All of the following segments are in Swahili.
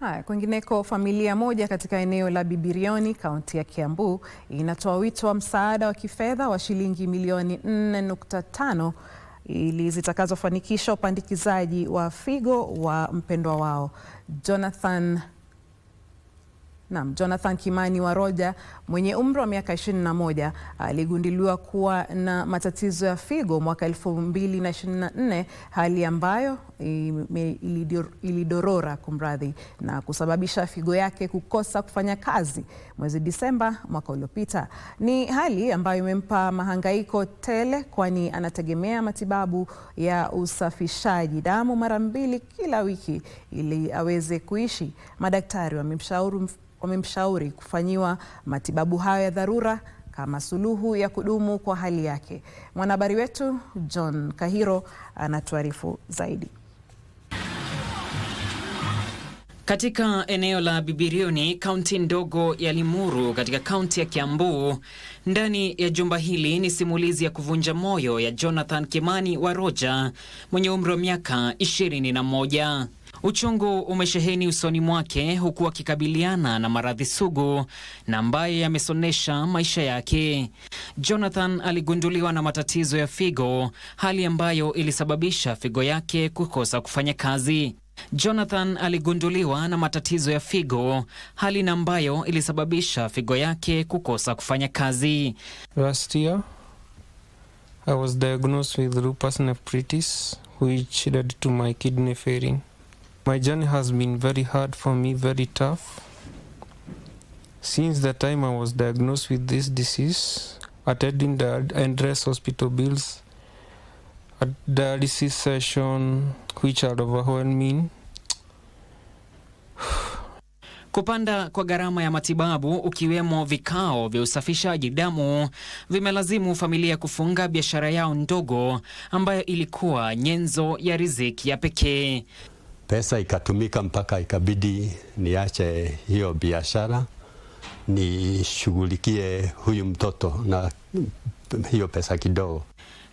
Haya, kwingineko, familia moja katika eneo la Bibirioni kaunti ya Kiambu inatoa wito wa msaada wa kifedha wa shilingi milioni 4.5 ili zitakazofanikisha upandikizaji wa figo wa mpendwa wao Jonathan Naam, Jonathan Kimani Waroja mwenye umri wa miaka 21 aligunduliwa kuwa na matatizo ya figo mwaka 2024, hali ambayo ilidorora kumradhi, na kusababisha figo yake kukosa kufanya kazi mwezi Disemba mwaka uliopita. Ni hali ambayo imempa mahangaiko tele, kwani anategemea matibabu ya usafishaji damu mara mbili kila wiki ili aweze kuishi. Madaktari wamemshauri wamemshauri kufanyiwa matibabu hayo ya dharura kama suluhu ya kudumu kwa hali yake. Mwanahabari wetu John Kahiro anatuarifu zaidi. Katika eneo la Bibirioni, kaunti ndogo ya Limuru katika kaunti ya Kiambu, ndani ya jumba hili ni simulizi ya kuvunja moyo ya Jonathan Kimani wa roja mwenye umri wa miaka moja. Uchungu umesheheni usoni mwake huku akikabiliana na maradhi sugu na ambaye yamesonesha maisha yake. Jonathan aligunduliwa na matatizo ya figo, hali ambayo ilisababisha figo yake kukosa kufanya kazi. Jonathan aligunduliwa na matatizo ya figo, hali na ambayo ilisababisha figo yake kukosa kufanya kazi. Last year, I was diagnosed with lupus nephritis which led to my kidney failing. My journey has been very hard for me, very tough. Since the time I was diagnosed with this disease, attending the endless hospital bills, a dialysis session which are overwhelming. Kupanda kwa gharama ya matibabu ukiwemo vikao vya usafishaji damu vimelazimu familia kufunga biashara yao ndogo ambayo ilikuwa nyenzo ya riziki ya pekee. Pesa ikatumika mpaka ikabidi niache hiyo biashara nishughulikie huyu mtoto na hiyo pesa kidogo.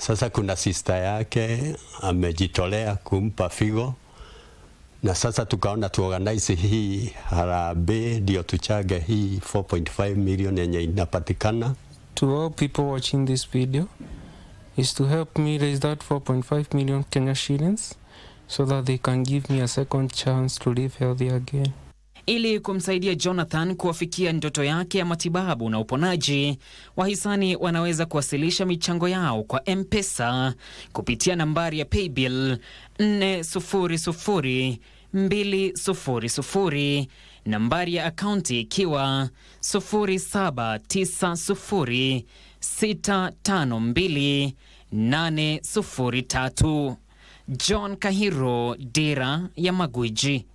Sasa kuna sista yake amejitolea kumpa figo, na sasa tukaona tuorganize hii harambee ndio tuchage hii 4.5 million yenye inapatikana. To all people watching this video is to help me raise that 4.5 million Kenya shillings so that they can give me a second chance to live healthy again. Ili kumsaidia Jonathan kuwafikia ndoto yake ya matibabu na uponaji, wahisani wanaweza kuwasilisha michango yao kwa M-Pesa kupitia nambari ya paybill 400200, nambari ya akaunti ikiwa 0790652803. John Kahiro, Dira ya Magwiji.